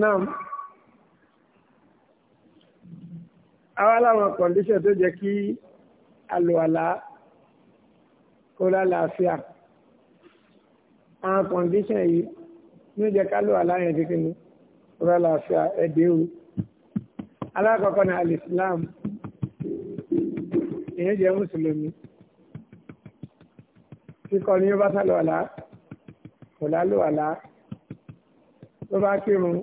náà àwa láwọn kọ̀ǹdíṣẹ̀ tó jẹ́ kí àlùwàlá kó lálàáfíà àwọn kọ̀ǹdíṣẹ̀ yìí ní ó jẹ́ ká àlùwàlá yẹn dídí ni kó lálàáfíà ẹ̀dẹ́ o alákọ̀ọ́kọ́ ni alìsílám ìyẹn jẹ́ mùsùlùmí kíkọ́ ni ó bá sálùwàlá kò lálùwàlá ló bá kírun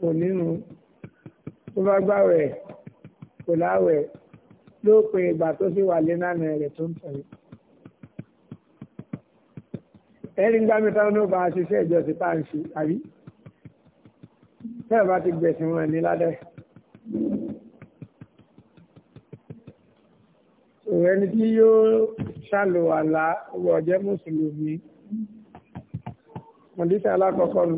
kò nínú tó bá gbàwẹ̀ kò láwẹ̀ lópin ìgbà tó sì wà lẹ́nàmì rẹ̀ tó ń tẹ̀lé. ẹni gbá mi táwọn náà bá a ṣiṣẹ́ ìjọsìn tá à ń ṣe àbí tẹ́ẹ̀ bá ti gbẹ̀sìn wọn ní ládẹ́. ẹni tí yóò ṣàlùwàlá ọjọ́ mùsùlùmí mọ̀dísà alákọ̀ọ́kọ́ nu.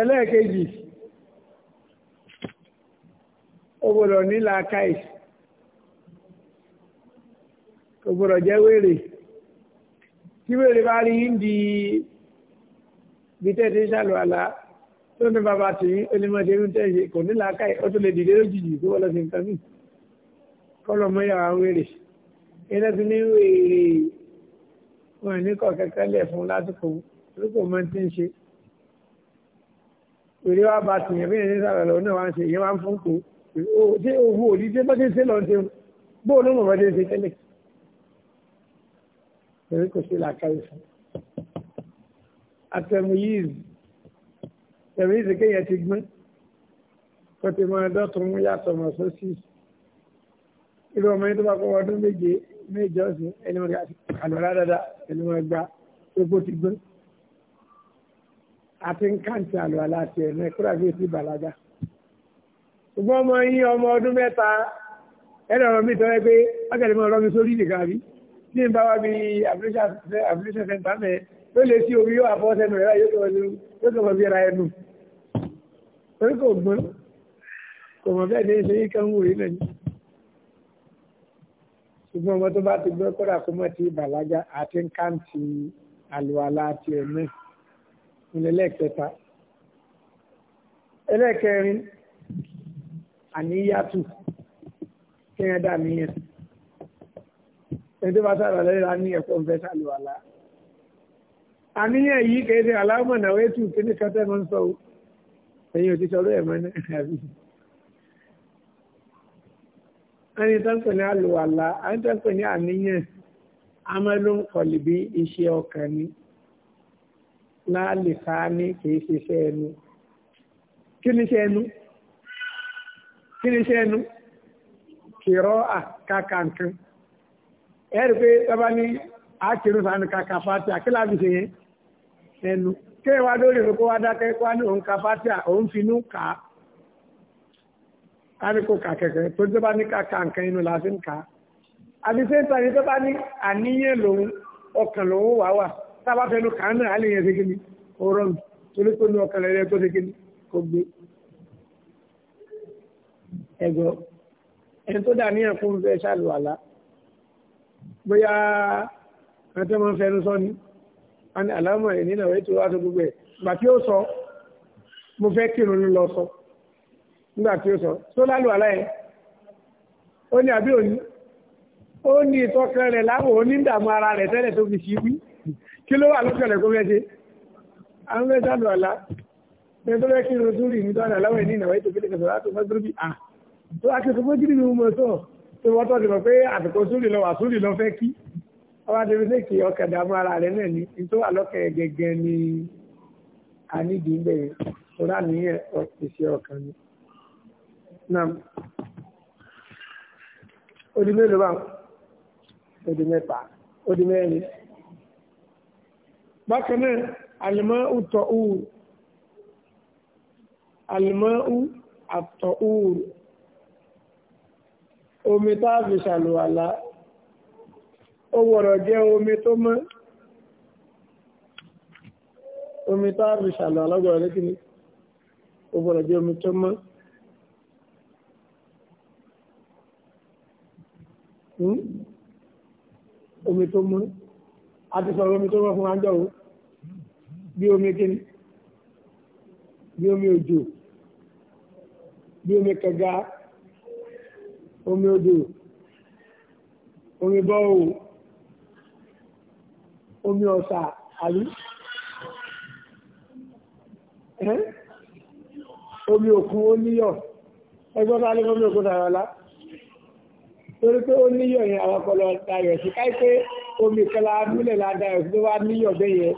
ẹlẹ́ẹ̀kejì ó gbọ́dọ̀ ní làákàyè kò gbọ́dọ̀ jẹ́ wèrè tí wèrè bá rí ń di bí tẹ́tí ṣàlùwàlá tó ní bàbá tì í onímọ̀tẹ́ ń tẹ̀sí kò ní làákàyè ó tún lè dìde lójijì tó wọ́n lọ sí nǹkan mí kọ́lọ̀ mọ́ yàrá wèrè iná ti ní wèrè wọn ní kọ̀ọ̀kẹ́kẹ́ lẹ̀ fún lásìkò lóko mọ́ ti ń ṣe èrè wa bá tìyàn bí ẹni sábà lọ náà wá ń ṣe ìyẹn wá ń fún kù ṣé owó òdì ṣé bá ṣe ṣe lọ ṣe bó ló mọ̀ bá ṣe tẹ́lẹ̀ èmi kò ṣe làákàyè fún atẹmuyíz tẹmuyíz kéèyàn ti gbọ́n kó ti mọ ẹdọ́tún mú yàtọ̀ mọ̀ sósì irú ọmọ yẹn tó bá kọ́ ọdún méje méje ẹni mọ̀ àlọ́ rárá ẹni mọ̀ gbá gbogbo ti gbọ́n àti nkáǹtì àlùwàlá àti ẹ̀mẹ́ kúrò bí èsì bàlágà. ṣùgbọ́n ọmọ yín ọmọ ọdún mẹ́ta ẹ̀rọ ọmọ mi tọ́wẹ́ pé ọ̀gẹ̀dẹ̀ mọ́ ọlọ́mi sórí nìkan rí ní ìbá wa bí ablution center mẹ́ ló lè sí omi yóò àbọ̀ sẹ́nu rẹ̀ yóò kọ̀ mọ́ bí ara ẹnu. torí kò gbọ́n kò mọ̀ bẹ́ẹ̀ ní ṣe yíkan wò rí ṣùgbọ́n ọmọ tó bá ti gbọ́ kọ́ra kó mọ̀ ti bàlágà àti nkáǹtì àlùwàlá àti ẹ̀mẹ́ ìlẹ́lẹ́kẹta ẹlẹ́kẹrin àníyàtù kéèyàn dà níyàn ẹni tó bá sára lẹ́yìn láti ní ẹ̀kọ́ ń fẹ́ sàlùwàlá àníyàn yìí kéde aláwọ̀ náà wẹ́ẹ́ tù kí ní kẹtẹ́ mọ́ ń sọ ẹ̀yìn òtítọ́ ló ẹ̀mọ́ ní ẹ̀rí ẹni tó ń pè ní àlùwàlá ẹni tó ń pè ní àníyàn amẹ́lú kọ̀lìbí iṣẹ́ ọkàn ni láàlì sáání kìí ṣe ẹnu kí ni iṣẹ́ ẹnu kí ni iṣẹ́ ẹnu kìrọ́ àkàkà nǹkan ẹ̀rí pé tábà ní àkìrún sáánù kàkà fàtí àkíláàbì ṣe yẹn ẹnu kí wàá lórí rẹ kó wá dákẹ́ kó wá ní òun ka fàtí à òun finú kà á kárí kó kà kẹ̀kẹ́ tó tó bá ní kàkà nǹkan inú la ń kà á àti sẹ́ńtà ni tó bá ní àníyàn lòun ọkàn lòun wà wà tábà fẹnu kàn náà alẹ́ yẹn ṣe kí ni ó rọrùn torí pé ní ọkàn rẹ̀ tó ṣe kí ni kò gbé. ẹ̀gbọ́n ẹni tó dà níyàn fún fẹ́ ṣàlùwàlá bóyá àwọn máa ń fẹnu sọ ni wọn ni àlámọ̀ ẹ̀ nínú àwọn ètò ìwádìí gbogbo ẹ̀ gbà tí ó sọ mo fẹ́ kírun ló lọ sọ nígbà tí ó sọ tó lálùwàlá yẹn ó ní àbí òní ó ní ìtọ́kẹ́ rẹ̀ láwọn onídààmú ara rẹ̀ tẹ́lẹ̀ tó fi ṣí kí ló wà lọ́sọ̀lẹ̀ kó fẹ́ ṣe àwọn fẹ́ sábà àlá fẹ́ tó fẹ́ kí ló tún rí ní tọ́nà aláwọ̀ ní ìnáwó ètò ìpínlẹ̀ kẹsàn-án tó fẹ́ tó bí à tó wá kí sọ́kó jírí ni mo sọ tó wọ́n tọ́ dìbò pé àsìkò súrì lọ wà súrì lọ fẹ́ kí ọba débi sí Odi mélòó Odi mẹ́ta, odi mẹ́rin bákan náà alimau ta'ur alimau at-ta'ur omi tá a fi ṣàlùwàlá ó wọ̀rọ̀ jẹ́ omi tó mọ́ omi tá a fi ṣàlùwàlá gbọ́dọ̀ lẹ́kìnní ó wọ̀rọ̀ jẹ́ omi tó mọ́. Hmm? omi tó mọ́ a ti sọ̀rọ̀ omi tó rọ̀ fún àjọ o bí omi kíni bí omi òjò bí omi kẹga omi odò omi bọ́ọ̀ omi ọ̀sà àrí omi òkun ó níyọ̀ ẹgbọ́n bá lé omi òkun tààrà lá torí pé ó níyọ̀ yẹn àwọn ọpọlọ tààrà sí káí pé omi kẹla múlẹ̀ ládà ẹ̀ tó wá ní ọ̀bẹ yẹn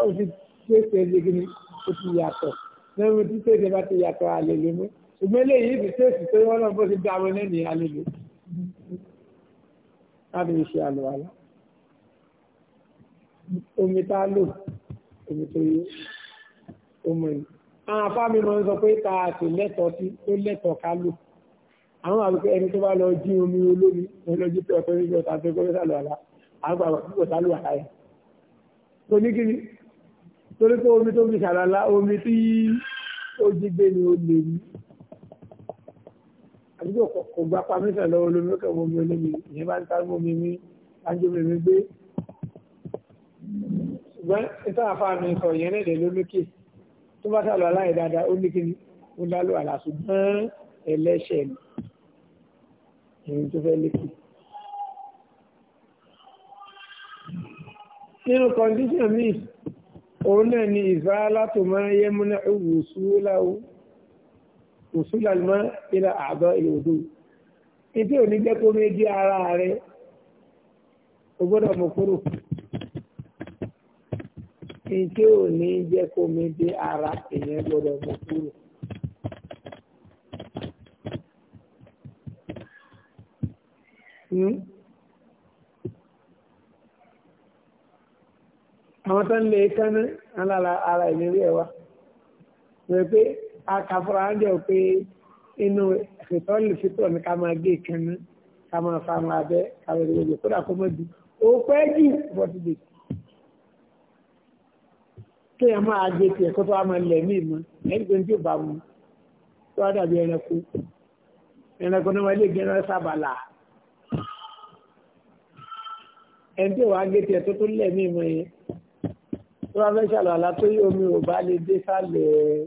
ó ti pèsè ẹ̀dẹ́gìrì ó ti yàtọ̀ lẹ́nu tí pèsè bá ti yàtọ̀ àlèlè mú ṣùgbọ́n eléyìí ti pèsè pé wọ́n náà bó ti dá wọn lẹ́nu àlèlè láti fi ṣe àlùwàlá omi tá a lò omi tó yẹ ọmọ yìí àwọn afáàmì máa ń sọ pé ta àti lẹ́tọ̀ọ́ sí ó lẹ́tọ̀ọ́ ká lò àwọn àlùkò ẹni tó bá lọ jí omi olómi ẹni lọ jí pé ọ̀tọ̀ níbi ọ̀tà tó kọ́ fẹ́ sàlùwàlá àgbàwà tí kò sálù wà táyà tó ní kiri torí pé omi tó fi ṣàlàlá omi tí ó jí gbé ni ó lè ní àdúgbò kò gba pàmísà lọ́wọ́ lómi ó kẹwọ́ omi olómi ìyẹn bá ń ta omi mi lájú omi mi gbé ṣùgbọ́n ìta àfa mi sọ ìyẹn náà lè lókè tó bá sálù nínú kọndíṣàn míì òun náà ni ìzáálá tó máa yẹ múná ìwòsúlàlmá ilẹ̀ àbọ̀ ìlòdó ìdí òní jẹ́ kó méjì ara rẹ̀ o gbọ́dọ̀ kúrò ìdí òní jẹ́ kó méjì ara èèyàn gbọ́dọ̀ mú kúrò. Mm-hmm. àwọn tó ń lè kánná alára ara ìlérí ẹ̀ wá rẹ̀ pé akàfọ́ra ájọ pé inú ìfìtọ́lù fìtọ̀ ni ká máa gé kánná ká máa fa àwọn abẹ́ káwé ìrèlè kódà kó mọ́ di ó pẹ́ jù forty days kéèyàn máa gé tiẹ̀ kó tó wá máa lẹ̀ míì mọ́ ẹ̀ẹ́dẹ́gbẹ́ tí ò bá mu tó wá dàbí ẹranko ẹranko náà wọ́n lè gé ẹran ẹni tí ò gé tiẹ̀ tó tó lẹ̀ míì mọ́ yẹn tó bá fẹ́ ṣàlùwàlá tó yí omi ò bá lè dé sálẹ̀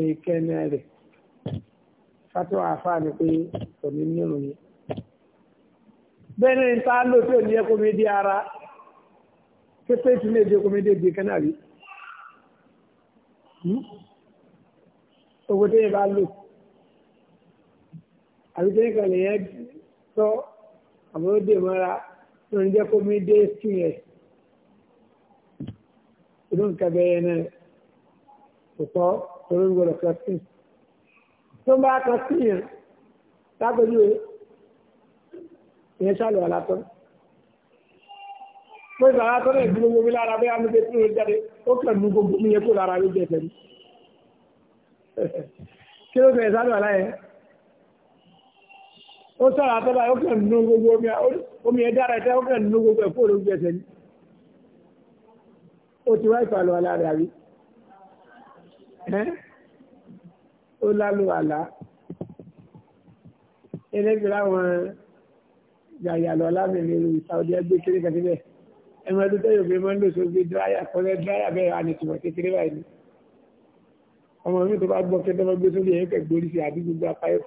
èékánná rẹ̀ fátúwà àfáà ni pé kò ní nírun yẹn bẹ́ẹ̀ ni ta lò tó ní ẹkọ́ mi dé ara kéfé tí lè dé ẹkọ́ mi dé èékánná rí hmm? owó tẹ́yìn bá lò àbí tẹ́yìn kan lè yẹn tọ́ àbúrò dè mọ́ra tó ń jẹ́ kó mi dé skin ẹ̀ irú nǹkan bẹ́ẹ̀ náà kò tọ́ torí ń gbọdọ̀ kan sí. tó bá kan sí yẹn lágbèjú rẹ̀ ìyẹn ṣàlù àlátọ́. pé ìbára tó lè dúró wọlé lára bí amúgbé tí ó jáde ó kàn mú gbogbo mi yẹn kó lára ló jẹ tẹ̀lé. kí ló fẹ́ ṣàlù àlá yẹn? ó sọ̀rọ̀ àtọ́lá ó kàn nú gbogbo omi ẹ̀ dára ẹ̀ tẹ́ ó kàn nú gbogbo ẹ̀ fóònù jẹ tẹ̀lé ó ti wá ìfàlọ́ àlá rẹ̀ àrí ó lálò àlá eléyìí láwọn yàyàlọ́ lábẹ́rẹ́ ìlú Saudi ẹgbẹ́ kéré kẹsíbẹ̀ ẹmọ ẹdún tẹ́yọ̀ pé máa ń lò sí ogbé dráyà kọ́lẹ́ dráyà bẹ́ẹ̀ ànìtìmọ̀ kékeré báyìí ni ọmọ mi tó bá gbọ́ pé tọ́mọ gbé sórí ẹ̀yìn pẹ̀lú orí sí àbí gbogbo apá ẹ̀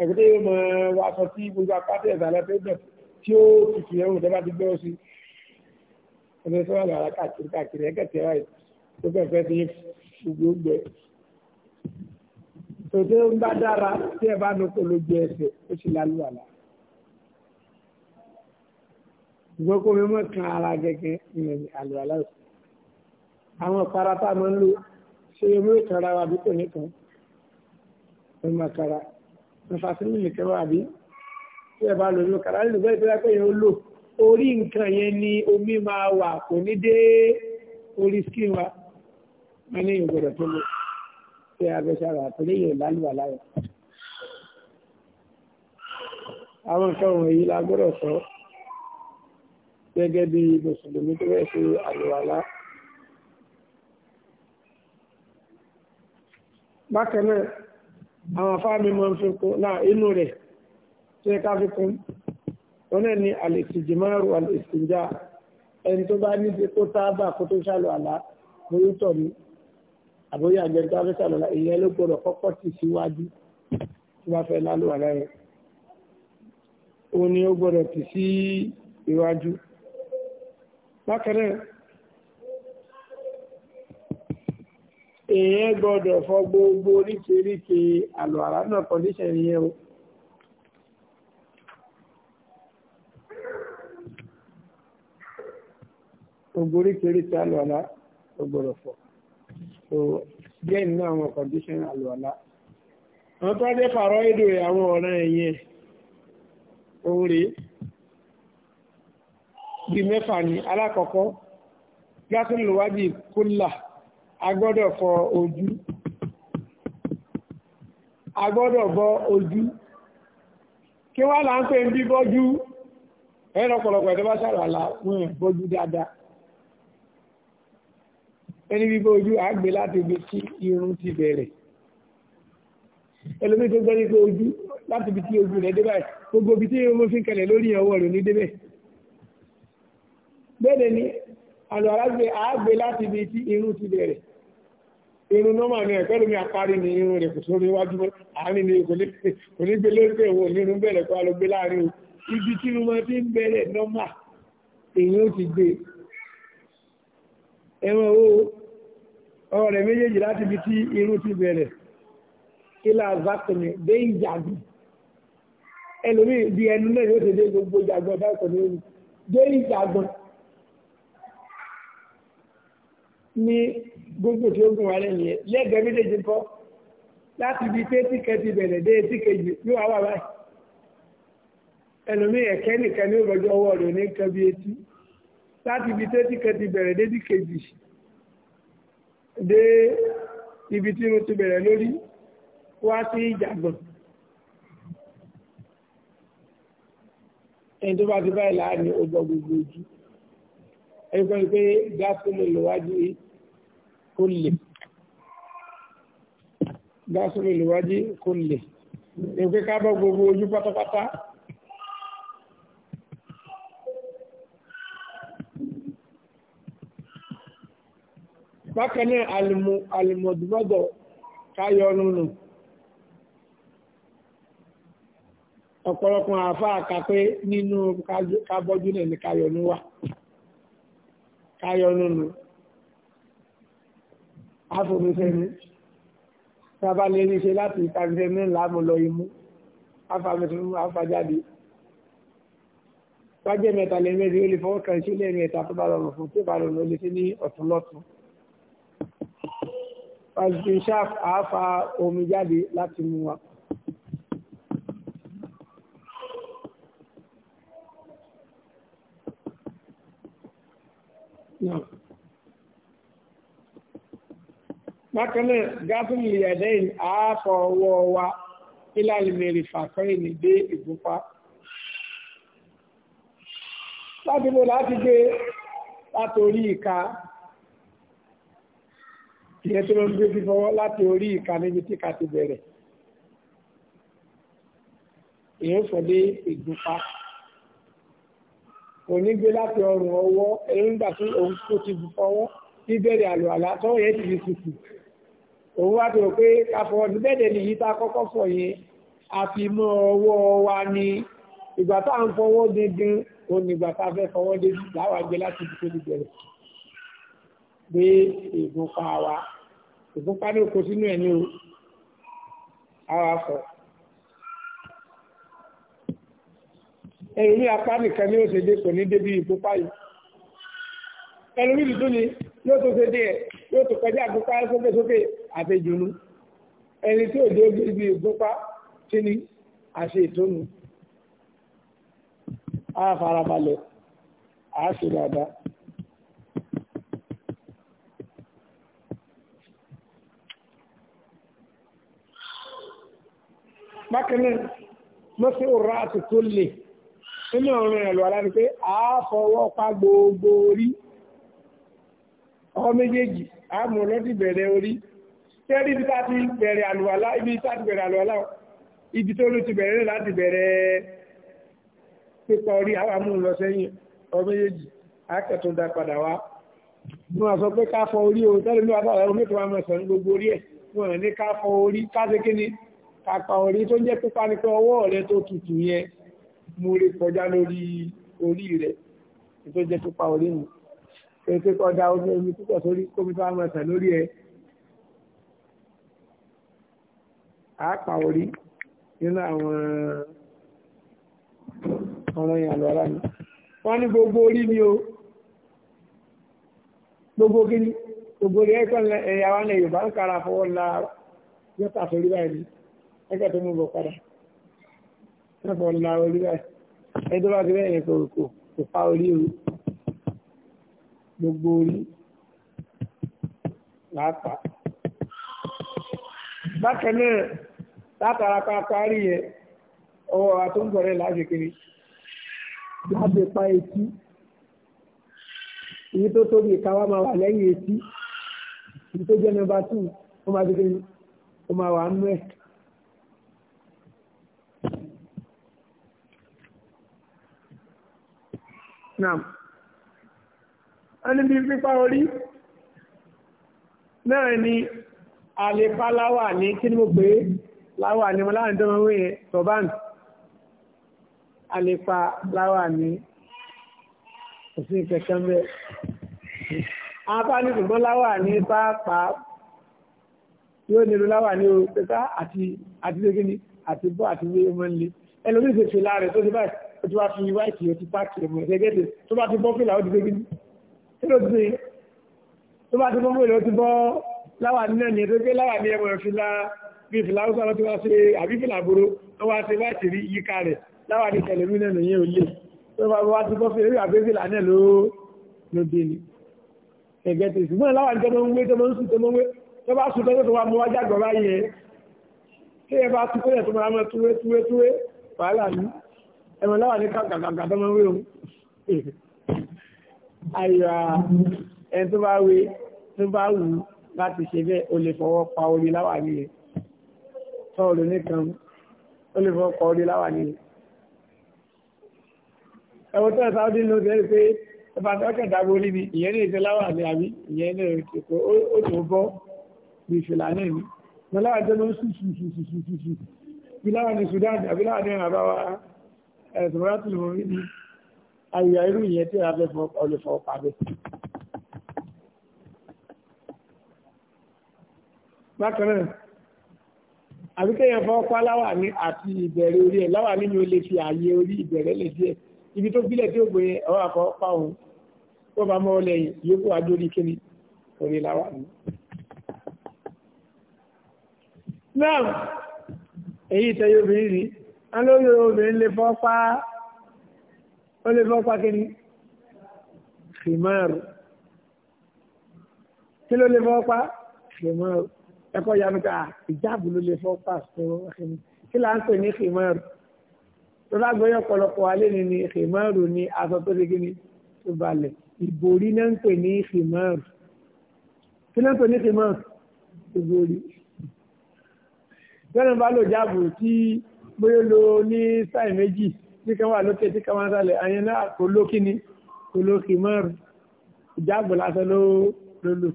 ẹ̀kúté yóò mọ wàásọ tí gbogbo apá tẹ̀ sálẹ̀ tí ó tutù yẹn tẹ́ bá ti gbọ́ sí ẹni tó wà lára káàkiri káàkiri ẹ kẹtẹ ẹ tó fẹfẹ ti ṣùgbọ́n gbẹ tòtò ń bá dára tí ẹ bá nu kó lójú ẹsẹ̀ ó sì lálù àlá ṣùgbọ́n kó mi kan ara gẹ́gẹ́ ní àlù àlá òsì àwọn ìpara tá a máa ń lò ṣe omi ò kara wa àbí kò ní kan ó máa kara nípa sí mímì kẹwàá tí ẹ bá lò ní kara nínú bẹ́ẹ̀ tó yẹ pé yẹn ó lò orí nǹkan yẹn ni omi máa wà kò ní dé orí skin wa wọn ní ìgbọ̀dọ̀ tó lò ṣe abẹ́sára àtúlẹ̀ yẹn lálùwà láyọ̀. àwọn nǹkan wọ̀nyí la gbọ́dọ̀ sọ gẹ́gẹ́ bí mùsùlùmí tó fẹ́ ṣe àlùwàlá. bákan náà àwọn afáàmì máa ń fi kún náà inú rẹ̀ ṣe ká fi kún ọ̀nà ni alìsìjìmáàrù alìsìjá ẹni tó bá ní kó sáábà kó tó ṣàlù àlá mórítọ̀ ni àbóyá àgbẹ̀rẹ̀ tó fẹ́ ṣàlù àlá ìyẹn ló gbọ́dọ̀ kọ́kọ́ tì síwájú tó bá fẹ́ lálù àlá yẹn òun ni ó gbọ́dọ̀ tì sí iwájú bákan èèyàn gbọ́dọ̀ fọ gbogbo oríkèéríkèé àlọ́ àlá náà kọ́ndíṣẹ̀ yẹn o. gbogbo oríkèéríkè àlùwàlá ó gbọ́dọ̀ fọ̀ so díẹ̀ nínú àwọn condition àlùwàlá àwọn tó jẹ́ pàrọ̀ èdè àwọn ọ̀ràn ẹ̀yìn òun rèé bíi mẹ́fà ní alákọ̀ọ́kọ́ gásùlùwádì kúlà agbọ́dọ̀ fọ ojú agbọ́dọ̀ bọ ojú kí wá là ń pè ń bí bọ́jú ẹ̀rọ pọ̀lọpọ̀ ẹ̀tọ́ bá ṣàlàlà wọn bọ́jú dáadáa ẹni bíbọ́ ojú àgbẹ̀ láti ibi tí irun ti bẹ̀rẹ̀ ẹlòmí tó gbẹ́rí pé ojú láti ibi tí ojú rẹ̀ débẹ̀ gbogbo ibi tí irun fi ń kẹlẹ̀ lórí ọwọ́ rẹ̀ ní débẹ̀ bẹ́ẹ̀ ni àlọ́ alágbẹ̀ àgbẹ̀ láti ibi tí irun ti bẹ̀rẹ̀ irun nọ́mà ni ẹ̀kọ́ lómi àparí ni irun rẹ̀ kò sórí iwájú mọ́ àárín ni kò ní gbé lórí ẹ̀wọ̀ nírun bẹ̀rẹ̀ kó a lọ gbé o ibi tí irun máa ti ń bẹ̀rẹ̀ nọ́mà èyí ó ti gbé ẹran owó ọ̀rọ̀ rẹ̀ méjèèjì láti ibi tí irú ti bẹ̀rẹ̀ ilá zákùnrin dé ìjàgbì ẹlòmíì di ẹnu náà yóò tẹ̀lé gbogbo ìjàgbọ́n báyìí kò ní ewu dé ìjàgbọ́n ní gbogbo tí ó gùn wálé nìyẹn lẹ́gbẹ̀ẹ́ méjèèjì kọ́ láti ibi tí etíkẹ́ ti bẹ̀rẹ̀ dé etíkẹ́ jù yóò wá wà báyìí ẹlòmíì ẹ̀kẹ́ nìkan ní ìrọ̀jọ́ ọwọ́ rẹ̀ ní nǹkan bí etí láti ibi tẹ́tí kan ti bẹ̀rẹ̀ dédí kejì dé ibi tí mo ti bẹ̀rẹ̀ lórí wá sí ìjàgbọ̀n. ẹni tó bá ti báyìí láàrin ọgbọ gbogbo ojú ẹni kan pé gásùlù lòwájú kò lè gásùlù lòwájú kò lè ẹni ká bọ́ gbogbo ojú pátápátá. bákan náà alìmọ̀dúnmọ́dọ̀ káyọ nínú ọ̀pọ̀lọpọ̀ àfá àkàpé nínú kábọ́jú náà ní káyọ nínú wà káyọ nínú afọ̀mísẹ́ni sábà lè rí ṣe láti ìtàgbẹ́sẹ́ni láàmú lọ imú afàmísẹ́ni afàjáde wájẹ́ mẹ́ta lè mẹ́rin ó lè fọwọ́ kan sí lẹ́yìn tó bá rọrùn fún tí ó bá rọrùn ó lè sí ní ọ̀tún lọ́tún pàṣípàṣáp àáfà omi jáde láti mú wa. Bákanáà, gáfún ìyàdẹ́yìn àáfà ọwọ́ wa ìlàlìmẹ̀rì fàkọ́yìn dé ìgúnpá. Láti bó láti gbé látorí ìka ìyẹn tó ló ń gbé fífọwọ́ láti orí ìka níbi tí ká ti bẹ̀rẹ̀ èèyàn sọ dé ìgbúpa òní gbé láti ọrùn ọwọ́ ẹ̀yìn nígbà tí òun tó ti bu fọwọ́ ní bẹ̀rẹ̀ àlọ́ àlá tọ́wọ́ yẹn ti di tutù òun wá tó pé káfọ́ ní bẹ́ẹ̀dẹ̀ nìyí tá a kọ́kọ́ fọ̀ yẹn a fi mọ́ ọwọ́ wa ní ìgbà tá à ń fọwọ́ dídín òun nígbà tá a fẹ́ fọwọ́ dídín láwàá gbé láti ibi tó ti bẹ̀rẹ̀ gbé ìgbúpa wa ìfúnpá ní oko sínú ẹ̀ ní o ara sọ. ẹ̀yìn ní apá nìkan ni ó ṣe dé kò ní débi ìfúnpá yìí ẹlòmídìí tó ni yóò tó ṣe dé ẹ̀ yóò tó kọjá àgbépa sókè sókè àtẹjùnú ẹni tí ò dé ibi ìgbópa tí ni àṣẹ ìtónu á farabalẹ̀ á ṣe dáadáa. bákan náà mọ́sí òrà àti tó lè nínú ọ̀run ẹ̀lú ara ni pé àáfọwọ́ pa gbogbo orí ọwọ́ méjèèjì àmọ́ lọ́dí bẹ̀rẹ̀ orí tẹ́rí ibi tá ti bẹ̀rẹ̀ àlùwàlá ibi tá ti bẹ̀rẹ̀ àlùwàlá ibi tó ló ti bẹ̀rẹ̀ láti bẹ̀rẹ̀ pípa orí àwàmú lọ sẹ́yìn ọwọ́ méjèèjì akẹ́tún dá padà wá wọ́n sọ pé ká fọ orí o tẹ́lẹ̀ ní wàtà ọ̀rọ̀ mẹ́tọ́ wa mọ̀ sàn gbogbo orí ẹ̀ wọ́n ní ká fọ orí ká kàkà orí tó jẹ́ pípa ní pé ọwọ́ rẹ tó tutù yẹn mo rí kọjá lórí orí rẹ tó jẹ́ pípa orí mi pé kọjá omi púpọ̀ sórí kómi tó àwọn ẹ̀sẹ̀ lórí ẹ àápa orí nínú àwọn ọ̀rọ̀ yẹn àlọ́ ara mi wọ́n ní gbogbo orí mi o gbogbo kí gbogbo orí ẹ̀kọ́ ẹ̀yà wa ní Yorùbá ń kára fọwọ́ la yọ́ta sórí báyìí ẹsẹ̀ tó mú bọ̀ padà ẹ̀fọ́ la orí rẹ̀ ẹjọ́ bá ti bẹ́ẹ̀ yẹn kò kò kò pa orí o gbogbo orí lápá bákan náà látara pa yẹn ọwọ́ àtúntọ̀rẹ́ láti kiri láti pa etí èyí tó tóbi ìkáwá máa wà lẹ́yìn etí èyí tó jẹ́ nọ́mbà tù ó máa ti ó máa wà nú ẹ̀. Nam. A ní bí pípa orí náà ni àlèpá láwà ní kí ní mo pé láwà ní láàrin tó mọ́ wíyẹn tọ́bán. Àlèpá láwà ní òsìn kẹ̀kẹ́ mẹ́. Apá ní ṣùgbọ́n láwà ní pàápàá yóò nílò láwà ní o pẹ́ká àti àti àti bọ́ àti wé ọmọ nílé. Ẹlòmí ìṣèṣe láàrẹ̀ tó ti báyìí ó ti wá fi wáìtì ó ti páàkì ẹ̀mú ẹ̀gẹ́gẹ́dẹ̀ tó bá ti bọ́ fìlà ó ti gbégi kí ló ti tó bá ti bọ́ fìlà ó ti bọ́ láwà nílẹ̀ ní ẹ̀dẹ́gbẹ́ láwà ní ẹ̀mọ̀ ìfìlà bí fìlà ó sábà ti wá ṣe àbí fìlà boro ó wá ṣe wáìtì rí yíká rẹ̀ láwà ní tẹ̀lé mí nẹ̀nà yẹn ò lè tó bá wá ti bọ́ fìlà àbí fìlà náà ló ló dé ni ẹ̀gẹ́dẹ̀ ṣùgbọ́n láwà ní tọ́mọ ń wé tọ́mọ ń sùn tọ́mọ ń wé tó bá sùn tọ́mọ tó wá mú wájà gbọ́ báyẹn tí ẹ bá tún kóyẹ̀ tó máa mọ́ túwé túwé túwé wàhálà ní ẹ̀wọ̀n láwà ní kàkàkà tó máa ń wé òun ayọ̀ ẹni tó bá wé tó bá wù láti ṣe bẹ́ẹ̀ o lè fọwọ́ pa orí láwà ní rẹ̀ tọ́ọ̀lù nìkan o lè fọwọ́ pa orí láwà ní rẹ̀ ẹ̀wọ̀n tó ẹ̀ sáwọ́dí ló ti pé ẹ̀fà tó kẹta borí ni ìyẹn ní ìṣẹ́ láwà ní àbí ìyẹn ní ìṣẹ́ ó tó bọ́ bí ìṣẹ̀lá náà ni mo láwà tó ló ń sùn sùn sùn sùn sùn sùn bí láwà ní Sudan àbí láwà ní àbáwá ẹ̀sùn bá tún lòun níbi àyà irú ìyẹn tí a fẹ́ ọlẹ́fọ́ pàdé. bákan náà àbí kéèyàn fọ́ pa láwà ní àti ìbẹ̀rẹ̀ orí ẹ̀ láwà nínú ilé fi ààyè orí ìbẹ̀rẹ̀ lè díẹ̀ ibi tó bílẹ̀ tí ó gbé ọwọ́ àkọ́ pa òun tó bá mọ́ lẹ́yìn yókù adórí kíni orí láwà ní. náà èyí tẹ́yọ́ obìnrin rí wọn lórí obìnrin lè fọ́ pa ó lè fọ́ pa kíni kìmáàrù kí ló lè fọ́ pa kìmáàrù ẹ̀kọ́ yanu ká ìjáàbù ló lè fọ́ pa kí là ń pè ní kìmáàrù tó lágbóyè ọ̀pọ̀lọpọ̀ alẹ́ ni ni kìmáàrù ni aṣọ tó ṣe kíni tó balẹ̀ ìborí náà ń pè ní kìmáàrù kí náà ń pè ní kìmáàrù ìborí. Gbẹ́nu bá lò jáàbù tí bóyá lo ní sáì méjì tí kan wà lókè tí kan wà sálẹ̀ àyẹn náà kò lókì ni kò lókì mọ́rù ìjágbò lásán ló lò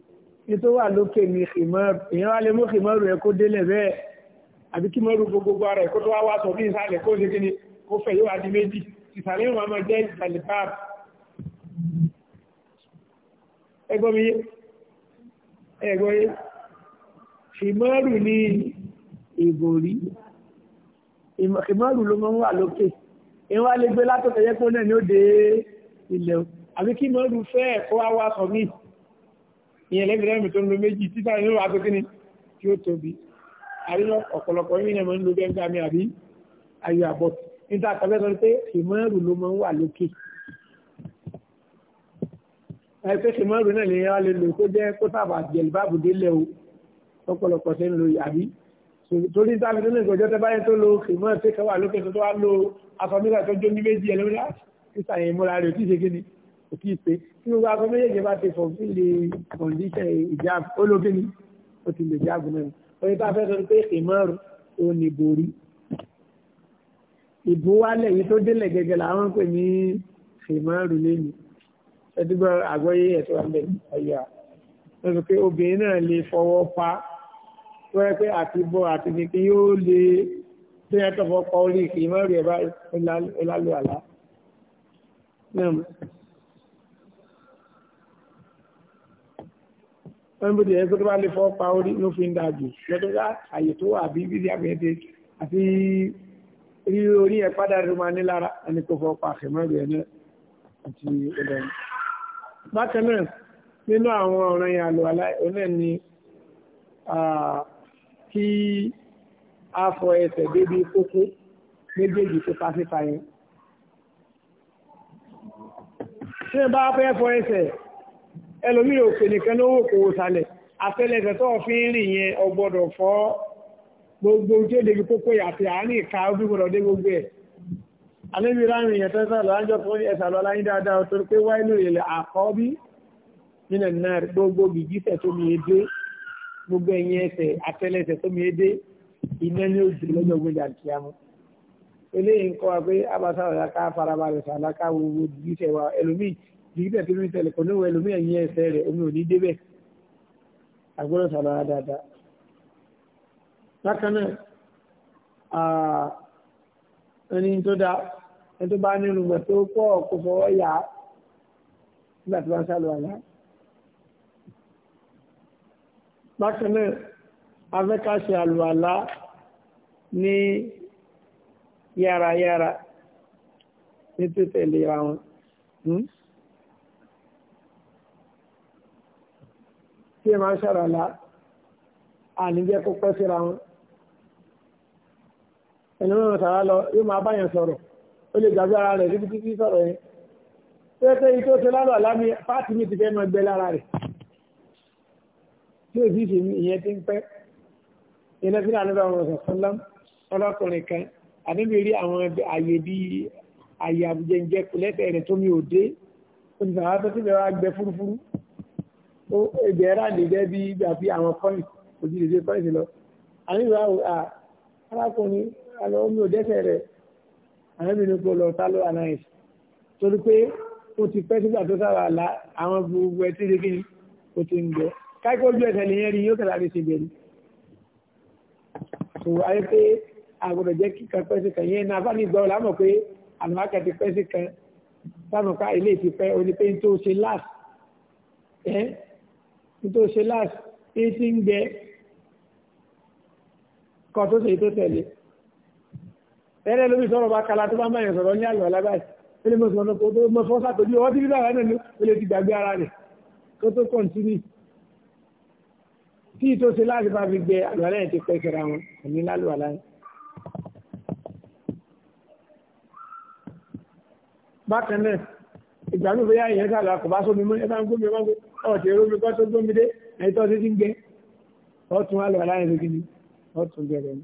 ní tó wà lókè ní kìmọ́rù èèyàn wá lè mú kìmọ́rù ẹ̀ kó délẹ̀ bẹ́ẹ̀ àbí kí mọ́rù gbogbo ara ẹ̀ kó tó wá wá sọ bí ìsàlẹ̀ kó ṣe kí ni fẹ̀ yóò wá di méjì ìsàlẹ̀ yóò máa jẹ́ ìsàlẹ̀ báàbù ẹgbọ́miyé ẹgbọ́miyé ṣìmọ́rù ní ìmọ̀kìmọ́rù ló máa ń wà lókè ìwọ́n á lè gbé látọ̀tọ̀ yẹ kó náà ní ó dé ilẹ̀ o àbí kí mọ́rù fẹ́ ẹ̀kọ́ wá wá sọ mí ìyẹn lẹ́gbẹ̀rẹ́ mi tó ń lo méjì títà nínú wa pínpín kí ó tóbi àríwọ̀ ọ̀pọ̀lọpọ̀ yìí náà máa ń lo bẹ́ńgá mi àbí ayò àbọ̀ níta àtàbẹ́ sọ pé ìmọ̀rù ló máa ń wà lókè ẹgbẹ́ ìmọ̀rù náà lè yẹn lè lò kó jẹ́ kó sábà jẹ̀lbáàbù délẹ̀ o ọ̀pọ̀lọpọ̀ sẹ́ni lo àbí torí sáàbì tó lè gbọ́jọ́ tẹ́ báyẹ̀ tó lo ìmọ̀ tí kẹwàá lókè tó wá lo afọ́mílà tó jó ní méjì ẹlẹ́wọ́n ah, láti ìsàyẹ̀ ìmúra rẹ̀ tí ṣe kí ni kò tí ì pé tí gbogbo afọ́ méjèèjì bá ti fọ̀ sí ilé kọ̀ǹdíṣẹ̀ ìjáàbù ó ló kíni ó ti lè jáàbù náà oye tá a fẹ́ sọ pé ìmọ̀ ò ní borí ìbò wálẹ̀ yìí tó délẹ̀ gẹ́gẹ́ làwọn pè ní ìmọ̀ lẹ́nu pa tó yẹ pé àti bọ́ àti kìkì yóò lè tó yẹ tó fọ́ pa orí kì í mọ́ rí ẹ̀ bá ìlàlú àlá. wọ́n bó ti yẹ kó tó bá lè fọ́ pa orí ló fi ń da jù lọ́tọ́ bá àyè tó wà bí bíbí àgbẹ̀dẹ àti ríro orí ẹ̀ padà rí máa ní lára ẹni tó fọ́ pa àkẹ́mọ́rì ẹ̀ náà àti ọ̀dọ̀ bákan náà nínú àwọn ọ̀ràn ìyàlò aláìní kí a fọ ẹsẹ̀ débi kókó méjèèjì tó pàṣípà yẹn. tí ẹ bá fẹ́ fọ ẹsẹ̀ ẹlòmí òkè nìkan ló wò kò wò sàlẹ̀ àtẹ́lẹsẹ̀ tó fi ń rìn yẹn ọgbọ́dọ̀ fọ́ gbogbo tí ó débi kókó àti àárín ìka ojú gbọ́dọ̀ dé gbogbo ẹ̀ alẹ́bí ráàrin èèyàn tẹ́sà lọ ájọ́ tó ẹ̀sà lọ láyé dáadáa torí pé wáìlú ìlẹ̀ àkọ́bí nínú náà gbogbo gìgísẹ̀ tó mi dé gbogbo ẹ̀yìn ẹsẹ̀ àtẹlẹsẹ̀ tó mi dé iná ní ojú lọ́jọ́ gbọ́dọ̀ àti àmọ́ eléyìí ń kọ́ wa pé abasa ọ̀la ká farabalẹ̀ sàlá ká wo wo dìgítẹ̀ wa ẹlòmíì dìgítẹ̀ tó ní tẹ̀lẹ̀ kò ní wo ẹlòmíì ẹ̀yìn ẹsẹ̀ rẹ̀ omi ò ní débẹ̀ àgbọ̀dọ̀ sàlá dáadáa. bákan náà ẹni tó dáa ẹni tó bá nínú gbẹ̀ tó pọ̀ kó fọwọ́ yá nígbà tó bá ń sálọ àlá bákan náà afẹ́kàṣe àlùwàlá ní yárayára ní títẹ̀lé ra wọn. Hmm? tí ẹ máa ń ṣàràlá àníjẹ́ kó pẹ́ síra wọn ẹni mẹ́rin sàrá lọ yóò máa báyàn sọ̀rọ̀ ó lè gbàgbé ara rẹ̀ títí sọ̀rọ̀ yẹn pé pé ìtòsí lálọ́ àlámi fáàtì mi ti fẹ́ máa gbẹ lára rẹ̀ tí ò sì ṣe ìyẹn ti ń pẹ́ iná sí àníbà wọn ọ̀sán sọ́lám ọlọ́kùnrin kan àdébí rí àwọn àyè bíi àyè àbújẹ̀ǹjẹ kùlẹ́tẹ̀ rẹ̀ tómi òde ó ti sàwọn tó bẹ̀rẹ̀ wá gbẹ fúrufúru ó ẹgbẹ́ ráàdì gẹ́ bí àbí àwọn kọ́ìn òjìlèdè kọ́ìn sí lọ àníbà arákùnrin alọ́ omi òdẹ́sẹ̀ rẹ̀ àníbìnrin kò lọ sálọ àlàyé torí pé ó ti pẹ́ sígbà tó sábà la àwọn gbogbo ẹtí ṣe kí ni ó ti ń gbọ́ káíkó ojú ẹsẹ̀ lè yẹn rí yóò kẹta lè ṣe bẹ̀rù so ayé pé àgbọ̀dọ̀ jẹ́ kíkà pẹ́sì kan yẹn náà bá ní ìgbà ọ̀la mọ̀ pé àlùmáàkà ti pẹ́sì kan sáàmù ká ilé ti pẹ́ oní pé nítorí ṣe láàs ẹ́ nítorí ṣe láàs pé tí ń gbẹ kọ́ tó ṣe tó tẹ̀lé ẹ̀rẹ́ lómi sọ̀rọ̀ bá kala tó bá máa yàn sọ̀rọ̀ ní àlọ́ alábàáyé ó lè mọ̀ sọ̀rọ̀ kó tó mọ̀ fọ́sà tó bí ọwọ́ tí tó ṣe láti bá fi gbẹ àlùwàlá yẹn ti pẹ́ kẹra wọn kò ní lálùwàlá yẹn. bákan náà ìgbà mi bóyá ìyẹn sàlọ kò bá sómi mọ́ ẹ bá ń gbómi ẹ bá ń gbómi ọ̀tí erómi kọ́ tó gbómi dé ẹni tó ti ti ń gbẹ ọ̀tún àlùwàlá yẹn ti gbẹ ọ̀tún gbẹ̀rẹ̀ ni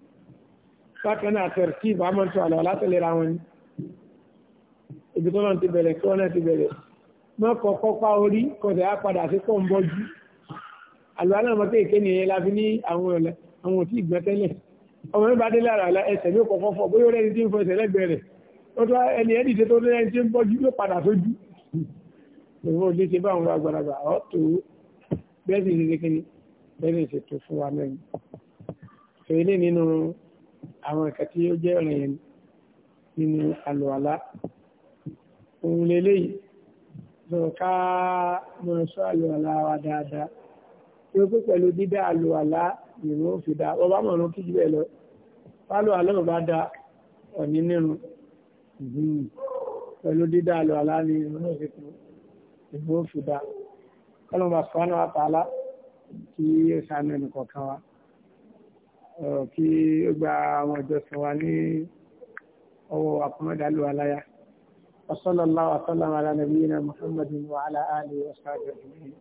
bákan náà tẹ̀rẹ̀tì ìbá mọ́ tó àlọ́ látẹ̀lera wọn ni ibi tó lọ́n ti bẹ̀rẹ̀ àlùwàlá ọmọ kéèké nìyẹn la fi ní àwọn ọ̀lẹ́ àwọn òtí ìgbẹ́ tẹ́lẹ̀ ọmọ mi bá dé lára àlá ẹsẹ̀ mi kọ̀ọ̀kan fọ̀ bóyá ọ̀rẹ́ ẹni tí ń fọ ẹsẹ̀ lẹ́gbẹ̀ẹ́ rẹ̀ ó tọ́ ẹni ẹni tó tó ẹni tí ń bọ́jú yóò padà sójú ìwọ òde ṣe bá àwọn àgbàlagbà ọ̀ tó bẹ́ẹ̀ sì ṣe kí ni bẹ́ẹ̀ sì tó fún wa mẹ́rin tó ilé nínú àwọn ẹ̀ka ó jẹ́ ọ̀rẹ́ yẹn nínú àlùwàlá òun lélẹ́yìí lọ́ka mọ̀ ẹ̀ṣọ́ àlùwàlá wa dáadáa tí ó pé pẹ̀lú dídá àlò àlá ìrún òfin dá ọba mọ̀ràn kí jù bẹ́ẹ̀ lọ pálọ̀ àlọ́ ọba dá ọ̀ní nínú mm-hmm. pẹ̀lú dídá àlò àlá ní ìrún òfin kú ìrún òfin dá kọ́lọ́n bá sọ́nà àtàlá kí ó sànú ẹnì kọ̀ọ̀kan wa kí ó gba àwọn ìjọsìn wa ní ọwọ́ àpamọ́dálù aláya. وصلى الله وسلم على نبينا محمد وعلى آله وصحبه أجمعين